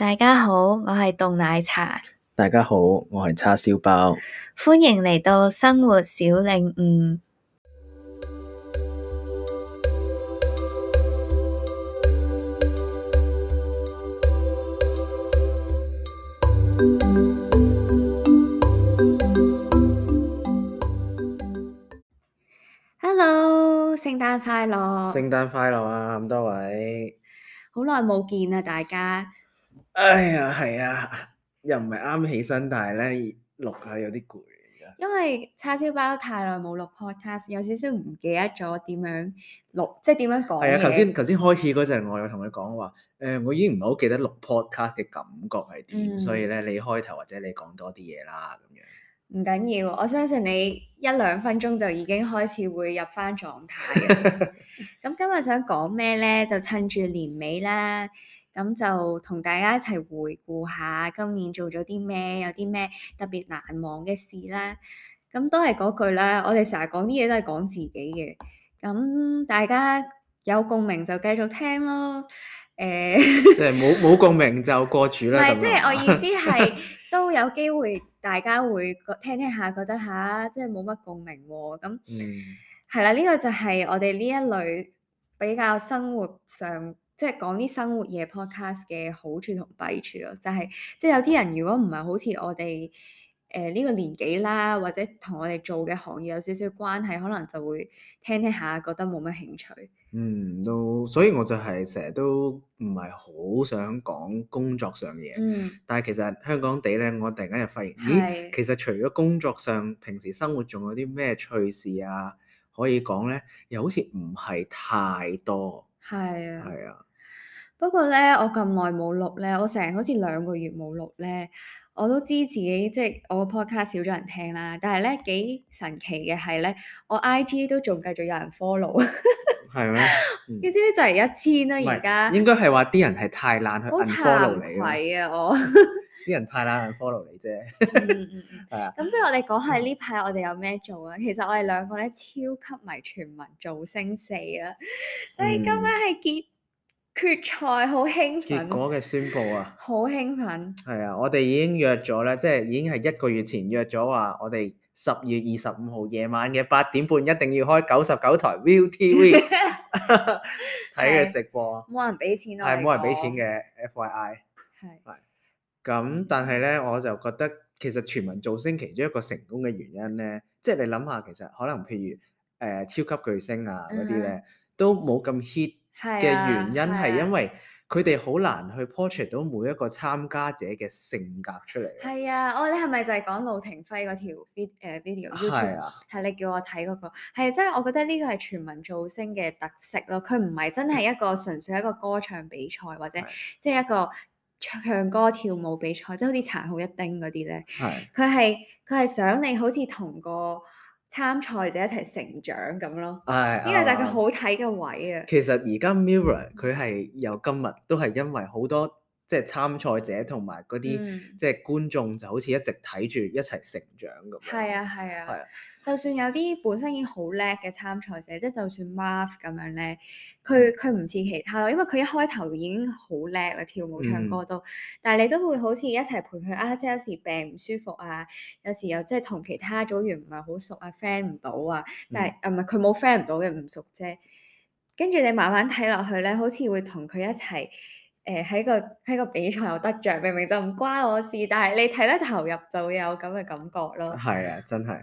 大家好，我係凍奶茶。大家好，我係叉燒包。歡迎嚟到生活小領悟。 Hello，聖誕快樂！聖誕快樂啊，咁多位，好耐冇見啊，大家。哎呀，係啊，又唔係啱起身，但係咧錄下有啲攰啊。因為叉燒包太耐冇錄 podcast，有少少唔記得咗點樣錄，即係點樣講嘢。係啊、哎，頭先頭先開始嗰陣，我有同佢講話，誒、呃，我已經唔係好記得錄 podcast 嘅感覺係點，嗯、所以咧你開頭或者你講多啲嘢啦，咁樣。唔緊要，我相信你一兩分鐘就已經開始會入翻狀態。咁 今日想講咩咧？就趁住年尾啦。咁就同大家一齊回顧下今年做咗啲咩，有啲咩特別難忘嘅事啦。咁都係嗰句啦，我哋成日講啲嘢都係講自己嘅。咁大家有共鳴就繼續聽咯。誒，即係冇冇共鳴就過住啦。唔係， 即係我意思係都有機會，大家會聽聽一下，覺得吓即係冇乜共鳴。咁，嗯，係啦，呢個就係我哋呢一類比較生活上。即係講啲生活嘢 podcast 嘅好處同弊處咯，就係、係、即係有啲人如果唔係好似我哋誒呢個年紀啦，或者同我哋做嘅行業有少少關係，可能就會聽聽下覺得冇乜興趣。嗯，都所以我就係成日都唔係好想講工作上嘅嘢。嗯，但係其實香港地咧，我突然間又發現，的咦，其實除咗工作上，平時生活仲有啲咩趣事啊可以講咧？又好似唔係太多。係啊的，係啊。不過咧，我咁耐冇錄咧，我成日好似兩個月冇錄咧，我都知自己即係我個 podcast 少咗人聽啦。但係咧，幾神奇嘅係咧，我 IG 都仲繼續有人 follow 嗎。係咩？ 你知咧，就嚟一千啦，而家應該係話啲人係太懶去 follow 你。好慚愧啊！我啲 人太懶去 follow 你啫、 嗯。係啊。咁不如我哋講下呢排我哋有咩做啊？嗯、其實我哋兩個咧超級迷全民造星四啊，所以今晚係結。嗯決賽好興奮，結果嘅宣布啊！好興奮，係啊！我哋已經約咗喇，即係已經係一個月前約咗話，我哋十月二十五號夜晚嘅八點半一定要開九十九台 ViuTV 睇嘅直播，冇人俾錢啊，係冇人俾錢嘅。FYI 係係咁，但係咧我就覺得，其實全民造星其中一個成功嘅原因咧，即係你諗下，其實可能譬如誒超級巨星啊嗰啲咧，都冇咁 hit。嘅原因係因為佢哋好難去 portray 到每一個參加者嘅性格出嚟。係啊，我、哦、你係咪就係講路廷輝嗰條 vid 誒 video？係啊，係你叫我睇嗰、那個係，即係、就是、我覺得呢個係全民造星嘅特色咯。佢唔係真係一個純粹一個歌唱比賽，或者即係一個唱歌跳舞比賽，即係的好似殘酷一叮嗰啲咧。係的，佢係佢係想你好似同個參賽者一齊成長咁咯，呢、哎、個就係佢好睇嘅位啊。其實而家 Mirror 佢係有今日都係因為好多。即係參賽者同埋嗰啲即係觀眾，就好似一直睇住一齊成長咁。係啊，係啊。係啊，就算有啲本身已經好叻嘅參賽者，即係就算 Marv 咁樣咧，佢佢唔似其他咯，因為佢一開頭已經好叻啦，跳舞唱歌都。嗯、但係你都會好似一齊陪佢啊，即係有時病唔舒服啊，有時又即係同其他組員唔係好熟啊，嗯、friend 唔到啊。嗯、但係啊，唔係佢冇 friend 唔到嘅唔熟啫。跟住你慢慢睇落去咧，好似會同佢一齊。誒，喺、欸、個喺個比賽又得着，明明就唔關我事，但係你睇得投入就會有咁嘅感覺咯。係啊，真係。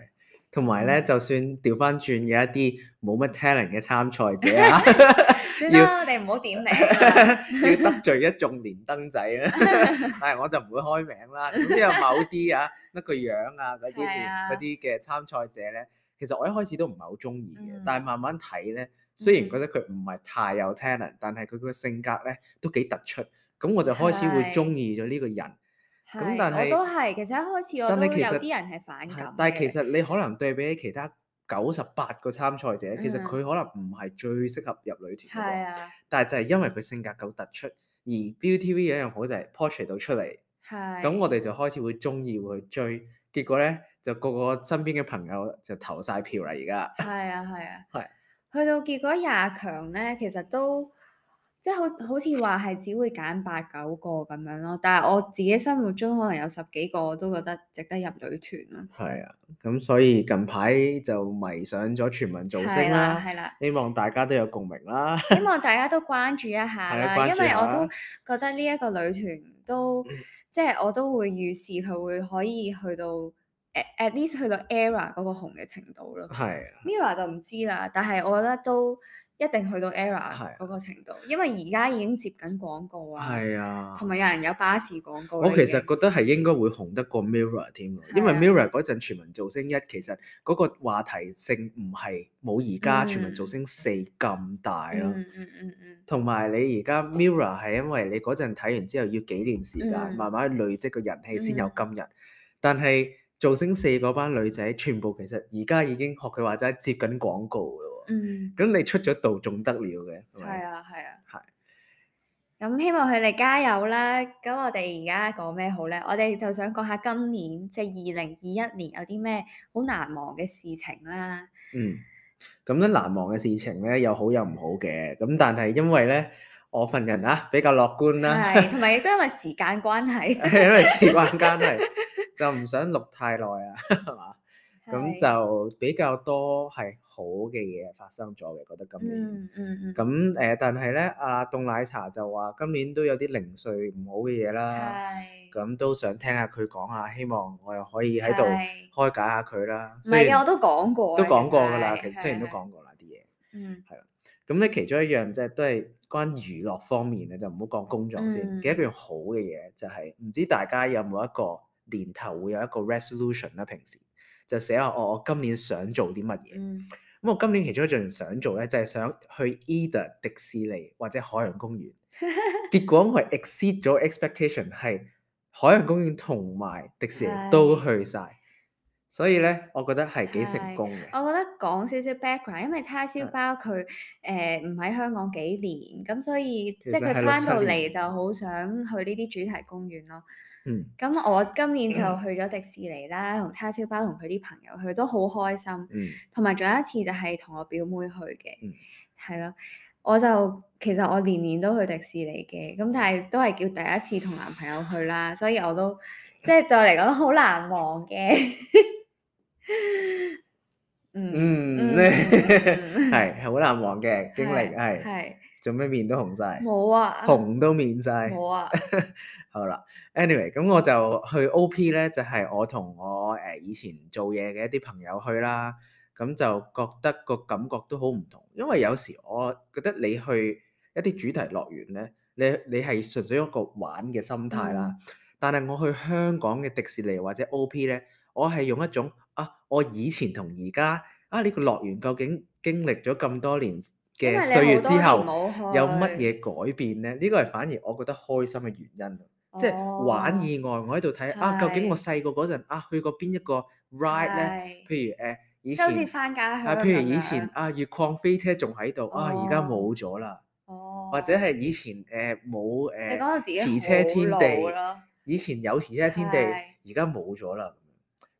同埋咧，嗯、就算調翻轉嘅一啲冇乜 talent 嘅參賽者啊，算啦，我哋唔好點你。 要得罪一眾連登仔啊！但 係我就唔會開名啦。總之有某啲啊，得 個樣啊，嗰啲啲嘅參賽者咧，其實我一開始都唔係好中意嘅， 但係慢慢睇咧。雖然覺得佢唔係太有 talent，但係佢個性格咧都幾突出，咁我就開始會中意咗呢個人。咁是但係我都係，其實一開始我但係其實啲人係反感。但係其實你可能對比起其他九十八個參賽者，其實佢可能唔係最適合入女團。係啊。但係就係因為佢性格夠突出，而 Beauty V 有一樣好就係 portrait 到出嚟。係是。咁我哋就開始會中意會追，結果咧就個個身邊嘅朋友就投晒票啦！而家係啊係啊係。 去到結果廿強呢，其實都即係好好似話係只會揀八九個咁樣咯。但係我自己心目中可能有十幾個，都覺得值得入女團咯。係啊，咁所以近排就迷上咗全民造星啦，啊啊，希望大家都有共鳴啦。 希望大家都關注一下、啊，關注一下，因為我都覺得呢一個女團都，嗯，即係我都會預示佢會可以去到。At least 去到 era 嗰個紅嘅程度咯，Mirror 就唔知啦，但係我覺得都一定去到 era 嗰個程度，因為而家已經接緊廣告啊，同埋有人有巴士廣告。我其實覺得係應該會紅得過 Mirror 添咯，因為 Mirror 嗰陣全民造星一，其實嗰個話題性唔係冇而家全民造星四咁大咯，嗯嗯嗯嗯，同埋你而家 Mirror 係因為你嗰陣睇完之後要幾年時間慢慢累積個人氣先有今日，但係，造星四嗰班女仔，全部其實而家已經學佢話齋接緊廣告喇喎。嗯。咁你出咗道仲得了嘅？係啊係啊。係。咁希望佢哋加油啦。咁我哋而家講咩好咧？我哋就想講下今年即係二零二一年有啲咩好難忘嘅事情啦。嗯。咁咧難忘嘅事情咧，有好有唔好嘅。咁但係因為咧。我份人啊，比較樂觀啦，係，同埋亦都因為時間關係，因為時間關係就唔想錄太耐啊，係嘛？咁就比較多係好嘅嘢發生咗嘅，覺得今年，嗯嗯嗯，咁誒，但係咧，阿凍奶茶就話今年都有啲零碎唔好嘅嘢啦，係，咁都想聽下佢講下，希望我又可以喺度開解下佢啦。唔係嘅，我都講過，都講過㗎啦，其實雖然都講過啦啲嘢，嗯，係啦，咁咧其中一樣即係都係。關於娛樂方面咧，就唔好講工作先。幾樣好嘅嘢就係、是，唔知大家有冇一個年頭會有一個 resolution 啦。平時就寫下我、哦、我今年想做啲乜嘢。咁、嗯、我今年其中一樣想做咧，就係、是、想去 either 迪士尼或者海洋公園。 結果我係 exceed 咗 expectation，係海洋公園同埋迪士尼都去晒。 所以咧，我覺得係幾成功嘅。我覺得講少少 background，因為叉燒包佢誒唔喺香港幾年，咁所以即係佢翻到嚟就好想去呢啲主題公園咯。咁、嗯、我今年就去咗迪士尼啦，同叉燒包同佢啲朋友去都好開心。同埋仲有一次就係同我表妹去嘅。嗯。係咯，我就其實我年年都去迪士尼嘅，咁但係都係叫第一次同男朋友去啦，所以我都即係對我嚟講好難忘嘅。 嗯，係係好難忘嘅是經歷，係是做咩面都紅晒，冇啊，紅都面晒，冇啊。 好啦，Anyway，咁我就去 OP 咧，就係、是、我同我誒以前做嘢嘅一啲朋友去啦。咁就覺得個感覺都好唔同，因為有時我覺得你去一啲主題樂園咧，你你係純粹一個玩嘅心態啦。嗯、但係我去香港嘅迪士尼或者 OP 咧，我係用一種。啊！我以前同而家啊，呢、呢個樂園究竟經歷咗咁多年嘅歲月之後，有乜嘢改變咧？呢、呢個係反而我覺得開心嘅原因，哦、即係玩以外，我喺度睇啊，究竟我細個嗰陣啊，去過邊一個 ride 咧？是譬如誒、啊，以前啊，譬如以前啊，越礦飛車仲喺度啊，而家冇咗啦。哦。或者係以前誒冇誒，池、啊啊、車天地。以前有池車天地，而家冇咗啦。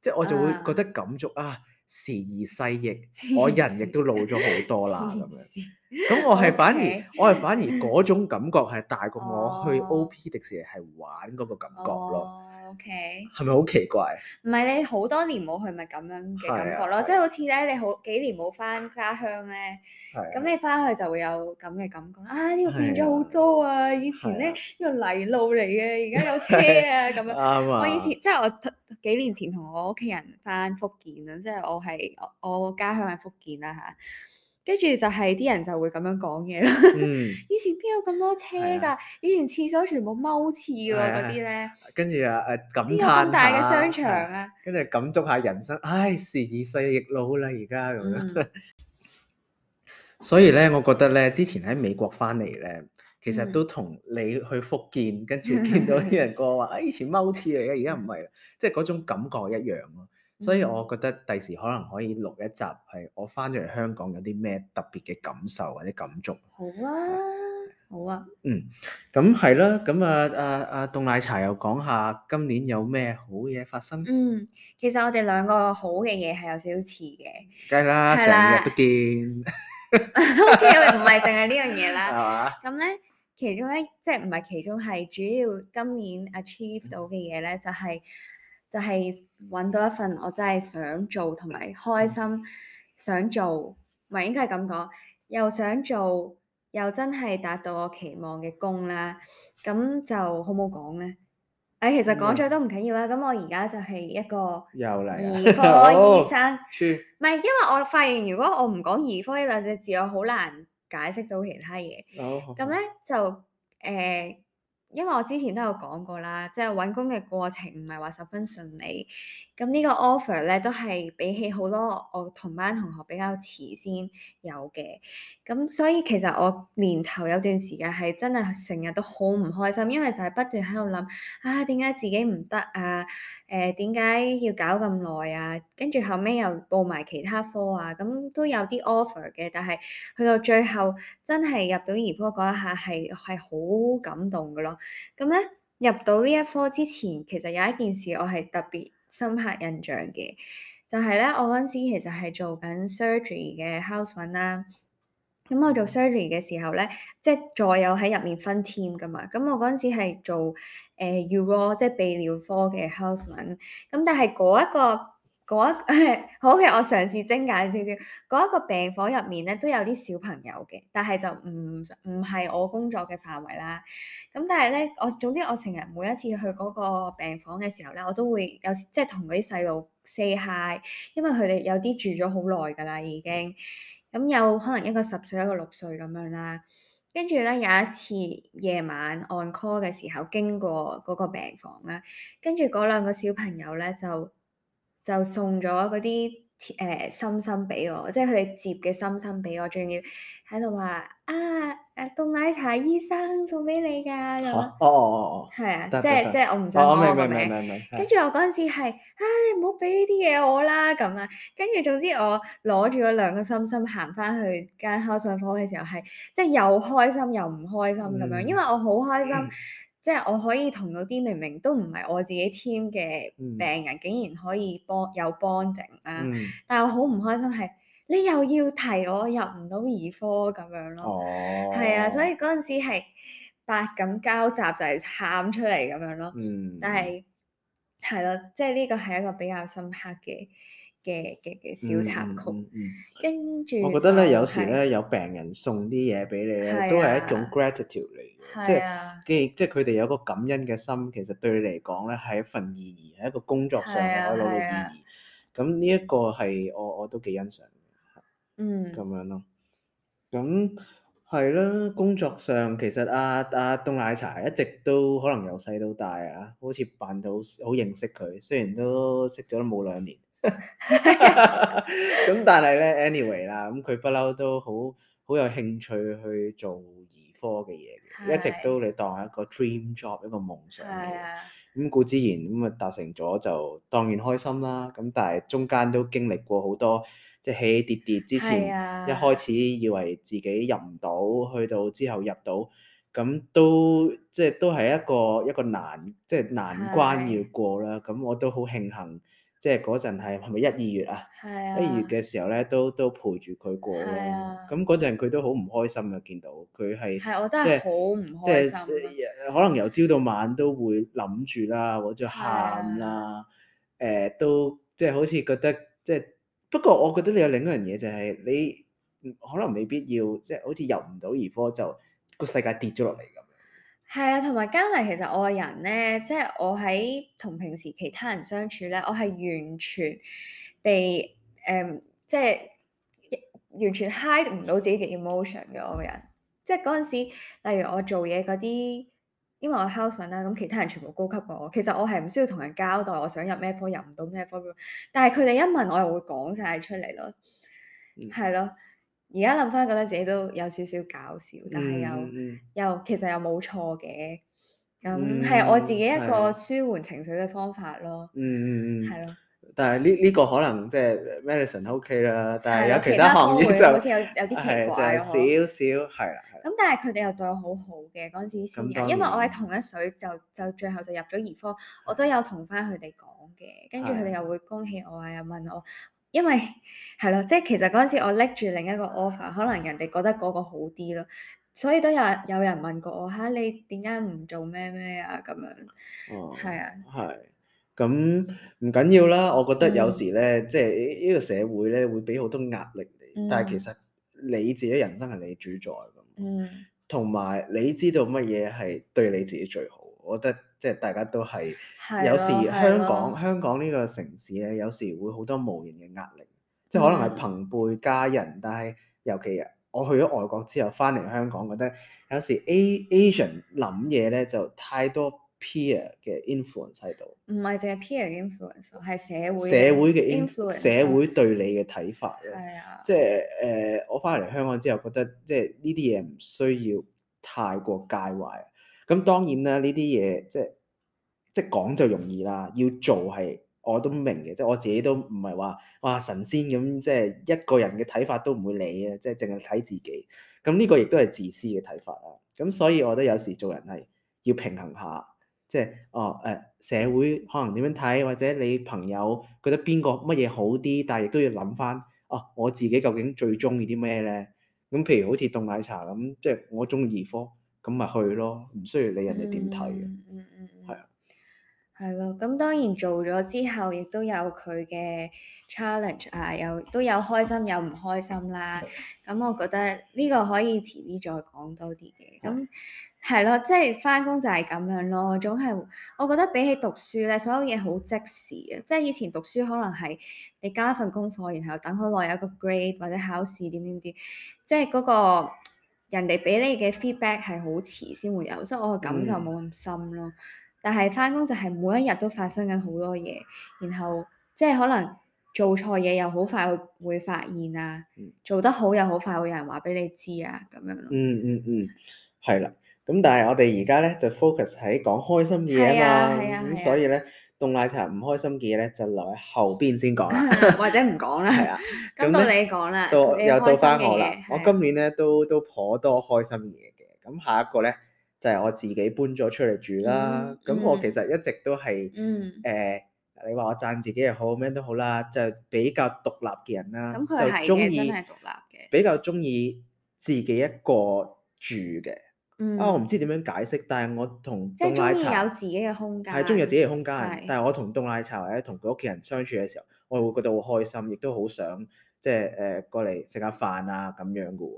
即係我就會覺得感觸啊，時移世易，我人亦都老咗好多啦咁樣。咁我係反而，Okay. 我係反而嗰種感覺係大過我去 O P 迪士尼係玩嗰個感覺咯。O K，係咪好奇怪？唔係你好多年冇去，咪咁樣嘅感覺咯，啊啊、即係好似咧，你好幾年冇翻家鄉咧，咁、啊、你翻去就會有咁嘅感覺。啊，呢度變咗好多啊！啊以前咧呢個、啊、泥路嚟嘅，而家有車啊咁、啊、樣。啊、我以前即係我幾年前同我屋企人翻福建啊，即係我係我我家鄉喺福建啦嚇。啊跟住就係啲人就會咁樣講嘢咯。嗯、以前邊有咁多車㗎？啊、以前廁所全部踎廁㗎嗰啲咧。跟住啊誒，感嘆咁大嘅商場啊。跟住感觸下人生，唉、哎，時已逝，亦老啦，而家咁樣。 所以咧，我覺得咧，之前喺美國翻嚟咧，其實都同你去福建，跟住見到啲人過話，啊、嗯，以前踎廁嚟嘅，而家唔係，嗯、即係嗰種感覺一樣咯。所以，我覺得第時可能可以錄一集，係我翻咗嚟香港有啲咩特別嘅感受或者感觸。好啊，好啊。嗯，咁係啦，咁啊啊啊，凍、啊啊、奶茶又講下今年有咩好嘢發生。嗯，其實我哋兩個好嘅嘢係有少少似嘅。梗係啦，成日啦都見。OK，唔係淨係呢樣嘢啦。咁咧， 其中一即係唔係其中係主要今年 achieve 到嘅嘢咧，嗯、就係、係。就係揾到一份我真係想做同埋開心，嗯、想做，唔係應該係咁講，又想做又真係達到我期望嘅工啦。咁就好冇講呢。哎，其實講咗都唔緊要啦。咁、嗯、我而家就係一個兒科醫生，唔係、 oh, 因為我發現如果我唔講兒科呢兩隻字，我好難解釋到其他嘢。咁、oh, okay, 呢，就誒。呃因為我之前都有講過啦，即係搵工嘅過程唔係話十分順利。咁、er、呢個 offer 咧都係比起好多我同班同學比較遲先有嘅，咁所以其實我年頭有段時間係真係成日都好唔開心，因為就係不斷喺度諗啊點解自己唔得啊？誒點解要搞咁耐啊？跟住後尾又報埋其他科啊，咁都有啲 offer 嘅，但係去到最後真係入到兒科嗰一下係係好感動噶咯。咁咧入到呢一科之前，其實有一件事我係特別。深刻印象嘅，就係、是、咧，我嗰陣時其實係做緊 surgery 嘅 houseman 啦。咁我做 surgery 嘅時候咧，即係再有喺入面分 team 噶嘛。咁我嗰陣時係做誒、呃、uro 即係泌尿科嘅 houseman。咁但係嗰一個嗰那一 好嘅，我嘗試精簡少少。嗰一個病房入面咧，都有啲小朋友嘅，但係就唔唔係我工作嘅範圍啦。咁但係咧，我總之我成日每一次去嗰個病房嘅時候咧，我都會有時即係同嗰啲細路 say hi，因為佢哋有啲住咗好耐噶啦已經。咁有可能一個十歲，一個六歲咁樣啦。跟住咧，有一次夜晚 on call 嘅時候，經過嗰個病房啦，跟住嗰兩個小朋友咧就。就送咗嗰啲誒心心俾我，即係佢哋接嘅心心俾我，仲要喺度話啊，啊，凍奶茶醫生送俾你㗎咁、啊。哦哦哦哦。係啊，即係即係我唔想講我個名。跟住我嗰陣時係啊，你唔好俾呢啲嘢我啦咁啊。跟住總之我攞住嗰兩個心心行翻去間烤箱房嘅時候係，即係又開心又唔開心咁樣，嗯、因為我好開心。嗯即係我可以同嗰啲明明都唔係我自己 team 嘅病人，嗯、竟然可以幫有幫整啊。嗯、但係我好唔開心係，你又要提我，我入唔到兒科咁樣咯，係、哦、啊，所以嗰陣時係百感交集，就係、是、喊出嚟咁樣咯，嗯、但係係咯，即係呢個係一個比較深刻嘅。嘅嘅嘅小插曲，嗯，跟住我覺得咧，是有時咧有病人送啲嘢俾你咧，都係一種 gratitude 嚟嘅。即係跟即係佢哋有個感恩嘅心。其實對你嚟講咧，係一份意義，係一個工作上嘅攞到意義。咁呢一個係我我都幾欣賞嘅，嗯，咁樣咯。咁係啦，工作上其實阿阿凍奶茶一直都可能由細到大啊，好似扮到好認識佢，雖然都識咗都冇兩年。咁但係咧，anyway 啦，咁佢不嬲都好好有興趣去做兒科嘅嘢，的一直都你當係一個 dream job，一個夢想嘅。咁故之然，咁啊達成咗就當然開心啦。咁但係中間都經歷過好多即係、就是、起起跌跌，之前的一開始以為自己入唔到，去到之後入到，咁都即係、就是、都係一個一個難，即、就、係、是、難關要過啦。咁的我都好慶幸。即係嗰陣係咪一、二月啊？一二、啊、月嘅時候咧，都都陪住佢過咯。咁嗰陣佢都好唔開心嘅，見到佢係、啊、我真係好唔開心即係。可能由朝到晚都會諗住啦，或者喊啦，誒、啊呃、都即係好似覺得即係。不過我覺得你有另一樣嘢就係你可能未必要即係好似入唔到兒科就個世界跌咗落嚟咁。係啊，同埋加埋，其實我個人咧，即係我喺同平時其他人相處咧，我係完全被，誒、呃，即係完全 hide 唔到自己嘅 emotion 嘅我個人。即係嗰陣時，例如我做嘢嗰啲，因為我 houseman 啦，咁其他人全部高級過我。其實我係唔需要同人交代我想入咩科，入唔到咩科，但係佢哋一問，我又會講晒出嚟咯，係咯。而家諗翻，覺得自己都有少少搞笑，但係、嗯、又又其實又冇錯嘅，咁、嗯、係我自己一個舒緩情緒嘅方法咯。嗯嗯嗯，係咯。但係呢呢個可能即係 medicine 都 OK 啦，但係有其他行業就好似有有啲奇怪、就係、少少，係啦。咁但係佢哋又對我好好嘅嗰陣時先，因為我喺同一水就就最後就入咗兒科，我都有同翻佢哋講嘅，跟住佢哋又會恭喜我啊，又問我。因為係咯，即係其實陣時我拎住另一個 offer，可能人哋覺得嗰個好啲咯，所以都有有人問過我吓，你點解唔做咩咩啊咁樣？哦，係啊的，係咁唔緊要啦。我覺得有時咧，嗯、即係呢個社會咧會俾好多壓力你，但係其實你自己人生係你主宰咁，嗯，同埋你知道乜嘢係對你自己最好。我覺得即係大家都係的有時香港的香港呢個城市咧，有時會好多無形嘅壓力，的即係可能係朋輩家人。但係尤其我去咗外國之後翻嚟香港，覺得有時 Asian 諗嘢咧就太多 peer 嘅 inf pe、er、influence 喺度，唔係淨係 peer 嘅 influence，係社會社會嘅 influence，社會對你嘅睇法咯。啊的，嗯、即係誒、呃，我翻嚟香港之後，覺得即係呢啲嘢唔需要太過介懷。咁當然啦，呢啲嘢即係即係講就容易啦，要做係我都明嘅，即係我自己都唔係話哇神仙咁，即係一個人嘅睇法都唔會理嘅，即係淨係睇自己。咁呢個亦都係自私嘅睇法啊。咁所以我覺得有時做人係要平衡下，即係哦誒社會可能點樣睇，或者你朋友覺得邊個乜嘢好啲，但係亦都要諗翻哦，我自己究竟最中意啲咩咧？咁譬如好似凍奶茶咁，即係我中意兒科。咁咪去咯，唔需要理人哋點睇嘅，係啊，係咯。咁當然做咗之後，亦都有佢嘅 challenge 啊，有都有開心，有唔開心啦。咁我覺得呢個可以遲啲再講多啲嘅。咁係咯，即係返工就係咁樣咯，總係我覺得比起讀書呢，所有嘢好即時啊。即係以前讀書可能係你交一份功課，然後等好耐有一個 grade 或者考試點點點，即係嗰個。人哋俾你嘅 feedback 係好遲先會有，所以我嘅感受冇咁深咯。嗯、但係翻工就係每一日都發生緊好多嘢，然後即係、就是、可能做錯嘢又好快會發現啊，嗯、做得好又好快會有人話俾你知啊，咁樣咯。嗯嗯嗯，係、嗯嗯、啦。咁但係我哋而家咧就 focus 喺講開心嘢啊嘛，咁、啊啊啊、所以咧。凍奶茶，唔開心嘅嘢咧，就留喺後邊先講啦， 或者唔講啦。係啊，咁 到你講啦，又到翻我啦。的我今年咧都都頗多開心嘢嘅。咁下一個咧就係、是、我自己搬咗出嚟住啦。咁、嗯、我其實一直都係誒、嗯呃，你話我讚自己又好，咩都好啦，就比較獨立嘅人啦。咁佢、嗯嗯、就嘅，真係獨立嘅。比較中意、嗯、自己一個住嘅。啊！嗯、我唔知點樣解釋，但係我同凍奶茶即係中意有自己嘅空間，係中意自己嘅空間。是但係我同凍奶茶或者同佢屋企人相處嘅時候，我會覺得好開心，亦都好想即係誒過嚟食下飯啊咁樣嘅喎。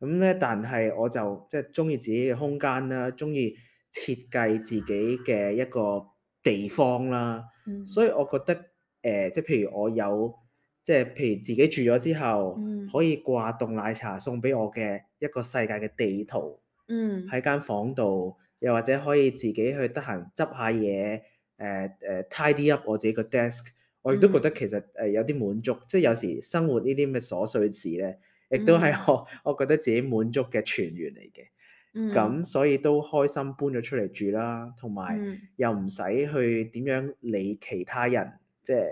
咁、嗯、咧，但係我就即係中意自己嘅空間啦，中意設計自己嘅一個地方啦。嗯、所以我覺得誒、呃，即係譬如我有即係譬如自己住咗之後，嗯、可以掛凍奶茶送俾我嘅一個世界嘅地圖。嗯，喺間房度，又或者可以自己去得閒執下嘢，誒、呃、誒、呃、tidy up 我自己個 desk，我亦都覺得其實誒有啲滿足。嗯、即係有時生活呢啲咁嘅瑣碎事咧，亦都係我、嗯、我覺得自己滿足嘅泉源嚟嘅。咁、嗯、所以都開心搬咗出嚟住啦，同埋又唔使去點樣理其他人，即係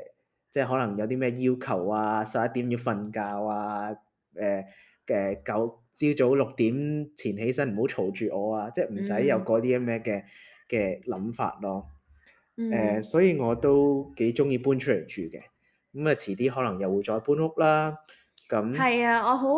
即係可能有啲咩要求啊，十一點要瞓覺啊，誒嘅九。呃朝早六點前起身，唔好嘈住我啊！即係唔使有嗰啲咩嘅嘅諗法咯。誒、嗯呃，所以我都幾中意搬出嚟住嘅。咁啊，遲啲可能又會再搬屋啦。咁係啊，我好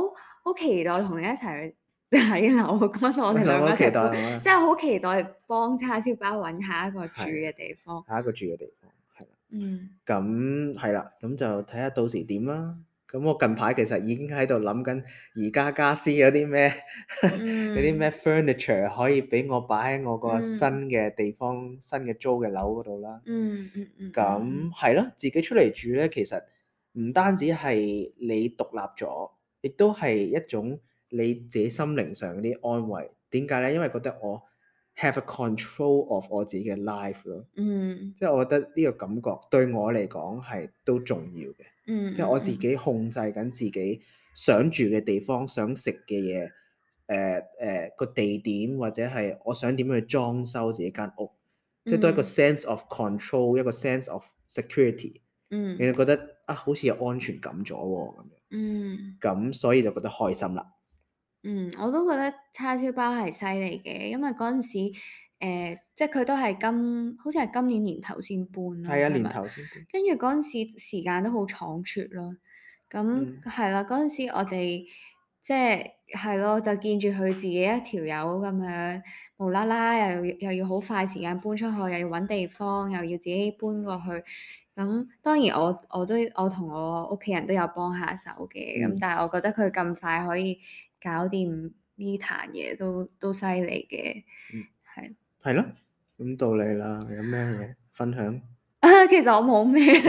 好期待同你一齊去睇樓。咁我哋兩個期待，即係好期待幫叉燒包揾下一個住嘅地方。下一個住嘅地方係啦。嗯。咁係啦，咁就睇下到時點啦。咁我近排其實已經喺度諗緊，而家家私有啲咩，有啲咩 furniture 可以俾我擺喺我個新嘅地方、mm. 新嘅租嘅樓嗰度啦。嗯，咁係咯，自己出嚟住咧，其實唔單止係你獨立咗，亦都係一種你自己心靈上嗰啲安慰。點解咧？因為覺得我 have a control of 我自己嘅 life 咯。嗯。即係我覺得呢個感覺對我嚟講係都重要嘅。嗯，即係我自己控制緊自己想住嘅地方、想食嘅嘢，誒、呃、誒、呃、個地點或者係我想點樣去裝修自己間屋，嗯、即係都一個 sense of control，一個 sense of security，嗯，你就覺得啊，好似有安全感咗喎咁樣，嗯，咁所以就覺得開心啦。嗯，我都覺得叉燒包係犀利嘅，因為嗰陣時、呃即係佢都係今，好似係今年年頭先搬咯。係啊對，係咪？年頭先搬。跟住嗰陣時時間都好倉促咯。咁係啦，嗰陣、嗯、時我哋即係係咯，就見住佢自己一條友咁樣無啦啦，又又要好快時間搬出去，又要揾地方，又要自己搬過去。咁當然我我都我同我屋企人都有幫下手嘅。咁、嗯、但係我覺得佢咁快可以搞掂呢壇嘢都都犀利嘅。係咯，咁到你啦。有咩嘢分享？ 其實我冇咩，因為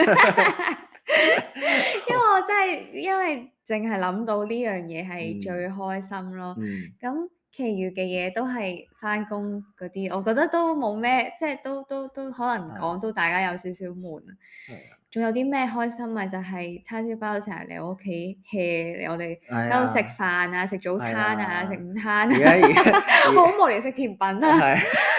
我真係因為淨係諗到呢樣嘢係最開心咯。咁、嗯嗯、其餘嘅嘢都係翻工嗰啲，我覺得都冇咩，即、就、係、是、都都都可能講到大家有少少悶。啊係。仲有啲咩開心咪就係叉燒包成日嚟我屋企 hea 嚟我哋喺度食飯啊、哎、呀食早餐啊、哎、呀食午餐、啊，而 我好無聊食甜品啊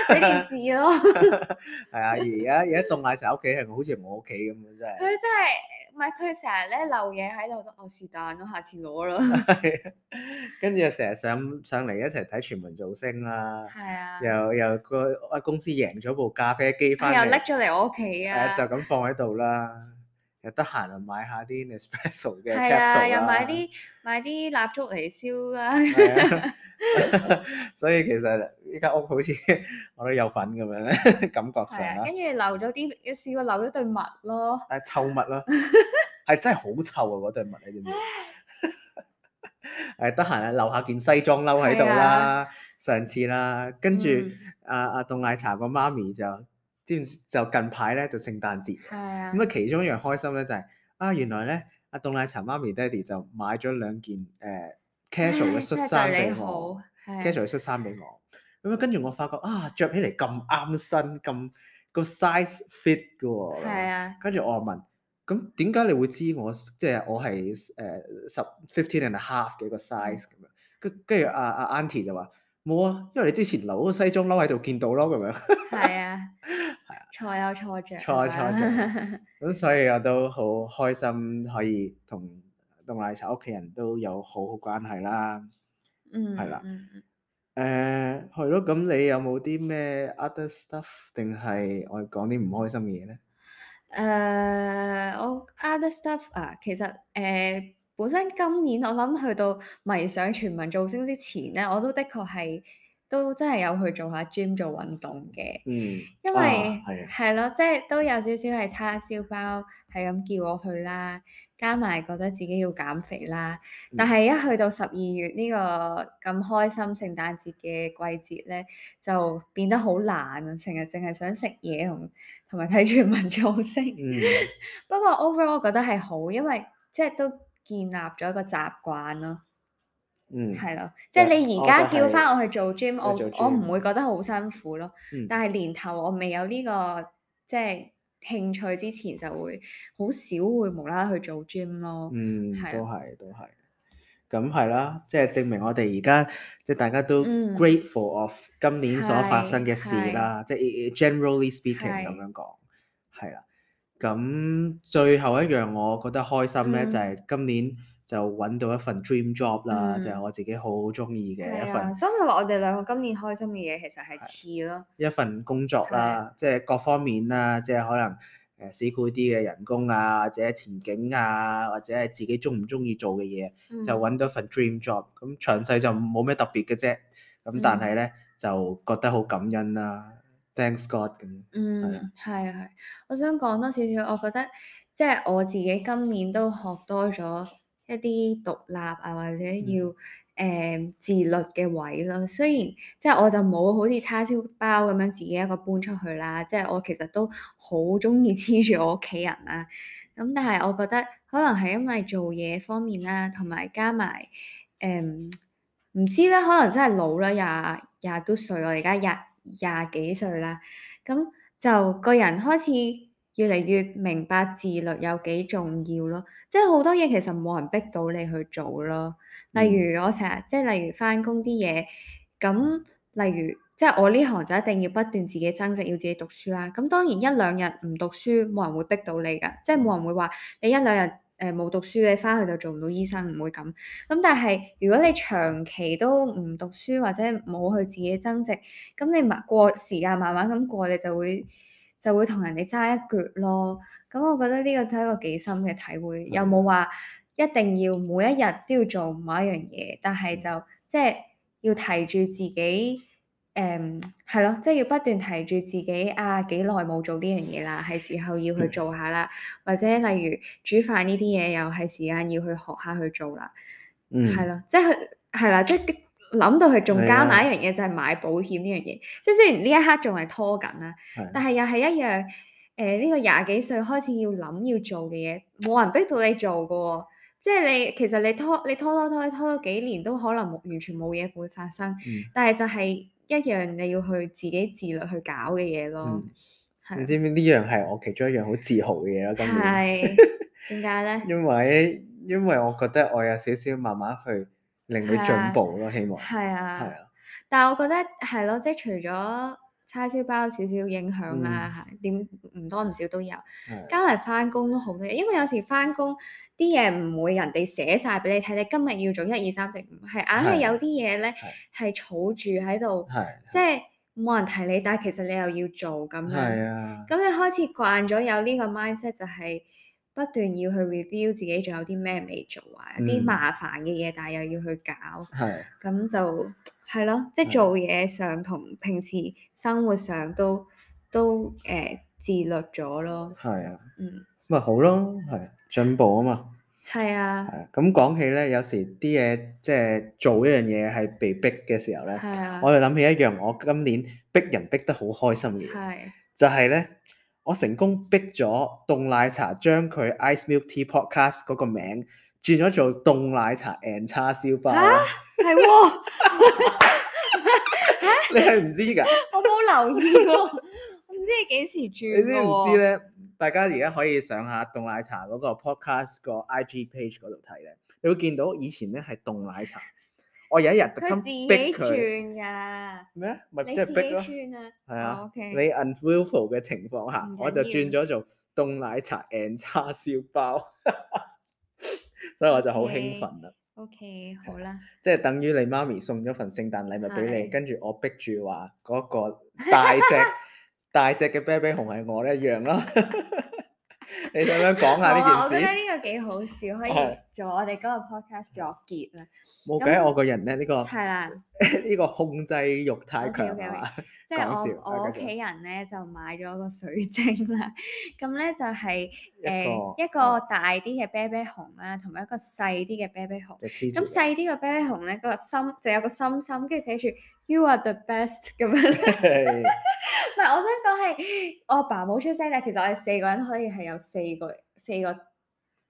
呢件事咯，係啊而家而家凍奶茶屋企係好似我屋企咁樣真係，佢真係唔係佢成日咧漏嘢喺度，我是但，我下次攞啦，跟住、哎、又成日上上嚟一齊睇全民造星啦，係啊，啊又又個公司贏咗部咖啡機翻嚟又拎咗嚟我屋企啊,啊，就咁放喺度啦。又得閒就買下啲 special 嘅 capsule 啊，係啊，又買啲買啲蠟燭嚟燒啦。所以其實呢間屋好似我都有份咁樣感覺上啦。跟住留咗啲少少，留咗對襪咯。係臭襪咯，係真係好臭啊！嗰對襪啊，真係。誒得閒啊，留下件西裝褸喺度啦，上次啦，跟住阿阿凍奶茶個媽咪就。就近排咧，就聖誕節。係啊。咁啊，其中一樣開心咧，就係啊，原來咧，阿凍奶茶媽咪爹哋就買咗兩件誒 casual 嘅恤衫俾我，casual 嘅恤衫俾我。咁啊，跟住我發覺啊，着起嚟咁啱身，咁個 size fit 嘅喎。係啊。跟住我問：咁點解你會知我即係我係誒十 fifteen and a half 嘅個 size 咁樣？跟跟住阿阿 aunty 就話：冇啊，因為你之前留嗰個西裝褸喺度見到咯，咁樣。係啊。錯有初着，著，有初着。咁 所以我都好開心可以同東奶茶屋企人都有好好關係啦。嗯，係啦，誒、嗯，係咯、嗯，咁你有冇啲咩 other stuff 定係我講啲唔開心嘅嘢咧？誒、uh，我 other stuff 啊，其實誒，uh, 本身今年我諗去到迷上全民造星之前咧，我都的確係。都真係有去做下 gym 做運動嘅，嗯、因為係咯、啊，即係都有少少係叉燒包係咁叫我去啦，加埋覺得自己要減肥啦。但係一去到十二月呢個咁開心聖誕節嘅季節咧，就變得好懶啊，成日淨係想食嘢同同埋睇住全民造星。嗯、 不過 overall 我覺得係好，因為即係都建立咗一個習慣咯。嗯，係咯的，即係你而家叫翻我去做 gym，我我唔會覺得好辛苦咯。嗯、但係年頭我未有呢、這個即係、就是、興趣之前，就會好少會無啦啦去做 gym 咯。嗯，的都係都係，咁係啦，即、就、係、是、證明我哋而家即係大家都 grateful of 今年所發生嘅事啦。即係、嗯、generally speaking 咁樣講，係啦的。咁最後一樣我覺得開心咧，就係、是、今年、嗯。就揾到一份 dream job 啦，就係我自己好中意嘅一份，所以話我哋兩個今年開心嘅嘢其實係似咯，一份工作啦，即係各方面啦，即係可能誒市區啲嘅人工啊，或者前景啊，或者係自己中唔中意做嘅嘢，就揾到一份 dream job，咁詳細就冇咩特別嘅啫，咁但係咧就覺得好感恩啦，thanks God 咁，嗯，係啊係，我想講多少少，我覺得即係我自己今年都學多咗。一啲獨立啊，或者要誒、呃、自律嘅位咯。雖然即係、就是、我就冇好似叉燒包咁樣自己一個搬出去啦。即、就、係、是、我其實都好鍾意黐住我屋企人啦、啊。咁但係我覺得可能係因為做嘢方面啦，同埋加埋誒唔知咧，可能真係老啦，廿廿都歲，我而家廿廿幾歲啦。咁就個人開始。越嚟越明白自律有幾重要咯，即係好多嘢其實冇人逼到你去做咯。例如我成日即係例如翻工啲嘢，咁、嗯、例如即係、就是、我呢行就一定要不斷自己增值，要自己讀書啦、啊。咁、嗯、當然一兩日唔讀書，冇人會逼到你噶，即係冇人會話你一兩日誒冇、呃、讀書，你翻去就做唔到醫生，唔會咁。咁、嗯、但係如果你長期都唔讀書或者冇去自己增值，咁、嗯、你咪過時間慢慢咁過，你就會。就會同人哋揸一腳咯，咁我覺得呢個都係一個幾深嘅體會。又冇話一定要每一日都要做某一樣嘢，嗯、但係就即係、就是、要提住自己，誒、嗯，係咯，即、就、係、是、要不斷提住自己啊，幾耐冇做呢樣嘢啦，係時候要去做下啦。嗯、或者例如煮飯呢啲嘢，又係時間要去學下去做啦。嗯，係咯，即係係啦，即係。諗到佢仲加埋一樣嘢就係買保險呢樣嘢。即係雖然呢一刻仲係拖緊啦，啊、但係又係一樣誒呢個廿幾歲開始要諗要做嘅嘢，冇人逼到你做㗎。哦，即係你其實你拖你拖你拖拖拖咗幾年都可能冇完全冇嘢會發生，嗯、但係就係一樣你要去自己自律去搞嘅嘢咯。唔、嗯啊、知唔知呢樣係我其中一樣好自豪嘅嘢咯，係點解咧？為呢 因為因為我覺得我有少少慢慢去。令佢進步咯，希望係啊！啊但係我覺得係咯、啊，即係除咗叉燒包少少影響啦，點唔、嗯、多唔少都有。啊、加埋翻工都好多嘢，因為有時翻工啲嘢唔會人哋寫晒俾你睇，你今日要做一二三四五，係硬係有啲嘢咧係儲住喺度，即係冇人提你，但係其實你又要做咁樣。係啊！咁、啊啊、你開始慣咗有呢個 mindset 就係、是。就是不斷要去 review 自己，仲有啲咩未做啊？有啲麻煩嘅嘢，但係又要去搞，咁就係咯。即係做嘢上同平時生活上都都誒自律咗咯。係啊，嗯，咁咪好咯，係進步啊嘛。係啊，咁講起咧，有時啲嘢即係做一樣嘢係被逼嘅時候咧，我哋諗起一樣我今年逼人逼得好開心嘅，就係咧。我成功逼咗凍奶茶將佢 Ice Milk Tea Podcast 嗰個名轉咗做凍奶茶 and 叉燒包。係你係唔知㗎？ 我冇留意喎，唔知你幾時轉？ 你知唔知咧？大家而家可以上下凍奶茶嗰個 Podcast 個 IG page 嗰度睇咧，你會見到以前咧係凍奶茶。我有一日佢自己轉㗎咩？咪即係逼咯，係啊！OK，你 unwillful 嘅情況下，我就轉咗做凍奶茶 and 叉燒包，所以我就好興奮啦。OK，好啦，即係等於你媽咪送咗份聖誕禮物俾你，跟住我逼住話嗰個大隻大隻嘅啤啤熊係我咧，一樣咯。你想唔想講下呢件事啊？我覺得呢個幾好笑，可以做我哋嗰個 podcast 作結啊！冇計，那我個人咧呢、呢個係啦，呢的 個控制欲太強啦。Okay, okay, okay, okay. 即係我我屋企人咧就買咗個水晶啦，咁咧就係誒一個大啲嘅啤啤熊啦，同埋一個細啲嘅啤啤熊。咁細啲嘅啤啤熊咧，個心就有個心心，跟住寫住 You are the best 咁樣。唔係，我想講係我阿爸冇出聲，但其實我哋四個人可以係有四個四個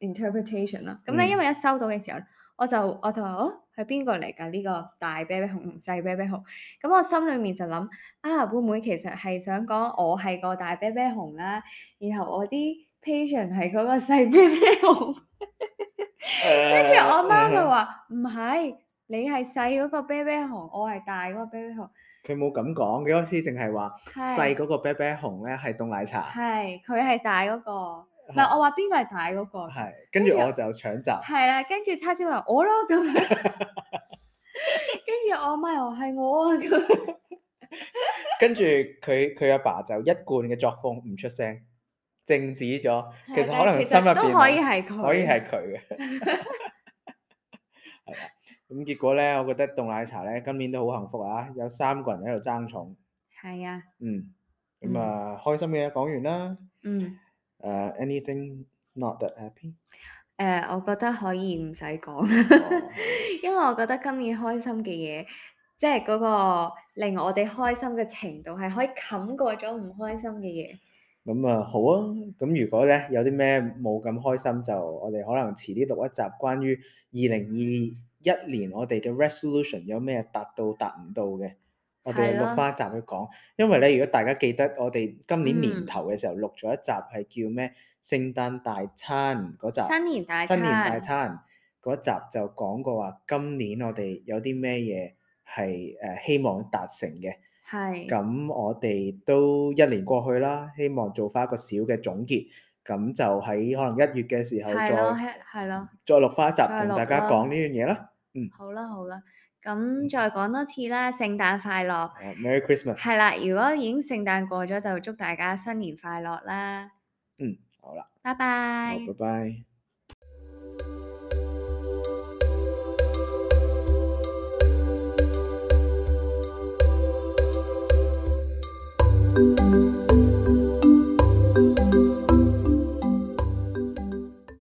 interpretation 啦。咁咧，因為一收到嘅時候，我就我就話。係邊個嚟噶呢個大啤啤熊同細啤啤熊？咁我心裏面就諗啊，會唔會其實係想講我係個大啤啤熊啦？然後我啲 patient 係嗰個細啤啤熊，跟 住我媽就話唔係，你係細嗰個啤啤熊，我係大嗰個啤啤熊。佢冇咁講嘅，好似淨係話細嗰個啤啤是熊咧係凍奶茶，係佢係大嗰個。唔我話邊個係大嗰個？係，跟住我就搶閘。係啦著，的跟住叉燒話我咯，咁， 跟住我阿媽又係我，咁。跟住佢佢阿爸就一貫嘅作風唔出聲，靜止咗。的其實可能其實心入裡邊可以係佢可以係佢嘅。係 啊，咁結果咧，我覺得凍奶茶咧，今年都好幸福啊！有三個人喺度爭寵。係啊的。嗯。咁啊，嗯、開心嘅嘢講完啦。嗯。anything not that happy？誒，uh, 我覺得可以唔使講， 因為我覺得今年開心嘅嘢，即係嗰個令我哋開心嘅程度係可以冚過咗唔開心嘅嘢。咁啊，好啊，咁如果咧有啲咩冇咁開心，就我哋可能遲啲錄一集關於二零二一年我哋嘅 resolution 有咩達到達唔到嘅。我哋錄花集去講，因為咧，如果大家記得我哋今年年頭嘅時候錄咗一集，係叫咩？聖誕大餐嗰集，新年大餐，新年大餐嗰集就講過話，今年我哋有啲咩嘢係誒希望達成嘅。係咁是，我哋都一年過去啦，希望做返一個小嘅總結。咁就喺可能一月嘅時候再，再係咯，再錄花集同大家講呢樣嘢啦。嗯，好啦，好啦。咁再講多次啦，聖誕快樂！uh, Merry Christmas。係啦，如果已經聖誕過咗，就祝大家新年快樂啦。嗯，好啦，拜拜 bye。好，拜拜。